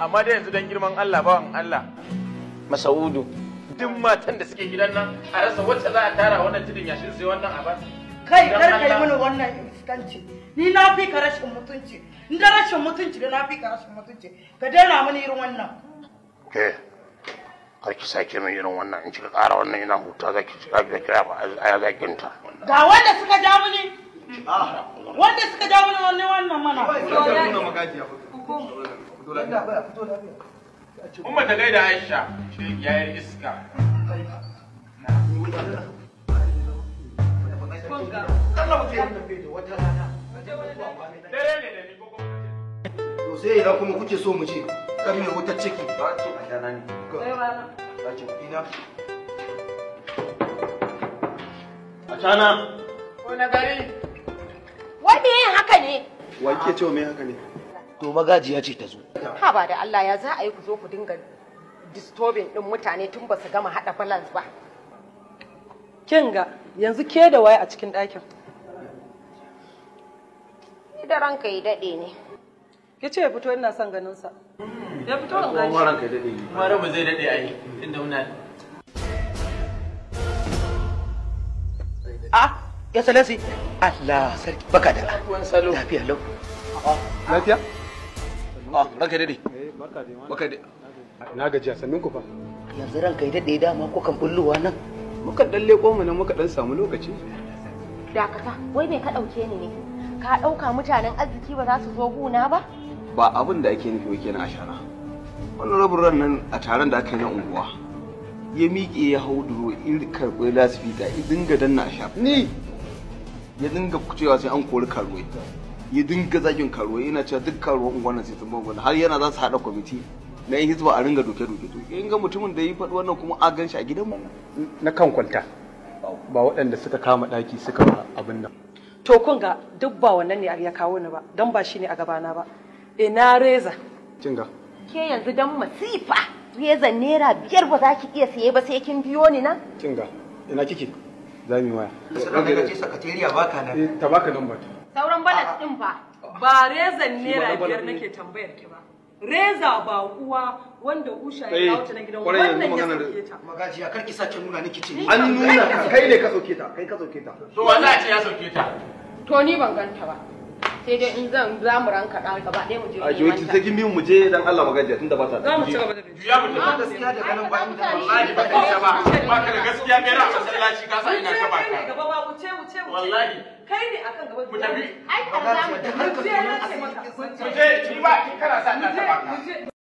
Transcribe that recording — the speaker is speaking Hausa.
amma dai yanzu don girman Allah bawan Allah Masaudu duk matan da suke gidan nan a rasa wacce za a tara wannan tudun yashin sai wannan abar kai kar ka yi mini wannan iskanci ni na fi ka rashin mutunci in da rashin mutunci da na fi ka rashin mutunci ka daina mini irin wannan ke kar ki sake min irin wannan in kika ƙara wannan ina huta zaki zaki ba a ya zakinta ga wanda suka ja mini wanda suka ja mana wannan wannan mana kuma ta gaida aisha ce yayar iska sai ina kuma kuke so mu ce kar ne wutar ciki ba ce a dana ne ba ce ina a tana wani gari me yin haka ne wai ke cewa me haka ne to magaji ya ce ta zo ha ba da Allah ya za a yi ku zo ku dinga disturbing din mutane tun ba su gama hada balance ba kin ga yanzu ke da waye a cikin ɗakin Ni da ranka yi daɗe ne ya ce ya fito ina son ganin sa ya fito in gashi kuma ranka ya daɗe ne kuma ba zai daɗe a yi inda muna ah ya salasi Allah sarki baka da lafiya lau lafiya ah, baka dade eh, baka dade na gajiya sannin ku fa yanzu ranka da dade dama ko kan bulluwa nan muka dan leƙo mu nan muka dan samu lokaci dakata wai bai ka dauke ni ne ka dauka mutanen arziki ba za su zo guna ba ba abin da ake nufi kenan na ashara wannan rabin ran nan a taron da aka yi na unguwa ya miƙe ya hau duro in karɓi lasifika in dinga danna a shafa ni ya dinga cewa sai an kori karuwai ya dinga zagin karuwai yana cewa duk karuwa unguwan sai sun bambana har yana za su haɗa kwamiti na yin hizba a ringa doke doke to in ga mutumin da ya yi faɗi wannan kuma a gan shi a gidan mu na kan kwalta ba waɗanda suka kama ɗaki suka abin nan to kun ga duk ba wannan ne ya kawo ni ba don ba shi ne a gabana ba ina reza kinga ke yanzu don masifa reza naira biyar ba za ki iya saye ba sai kin biyo ni na kinga ina kike za mu yi waya daga ce sakatariya baka nan eh, ta baka nan ba sauran balat din ba ba rezan naira biyar nake tambayar ki ba reza ba kuwa wanda usha ya kawo eh, na gidan wannan ya sauke ta magaji ya karki sace nuna niki ce an nuna ka kai ne ka sauke ta kai ka sauke ta to wallahi ce ya sauke ta to ni ban ganta ba sai dai in zan za mu ranka ɗan gaba ɗaya mu je a jiyo ki sai kin bi mu je dan Allah magajiya tunda ba ta za mu ci gaba da juya mu tafi gaskiya da ganin ba inda wallahi ba kai ba ba ka da gaskiya mai ra masallaci ka sa ina ka ba ka gaba ba wuce wuce wallahi kai ne akan gaba mu tafi ai kan za mu tafi mu je ni ba kin kana sa ina ka ba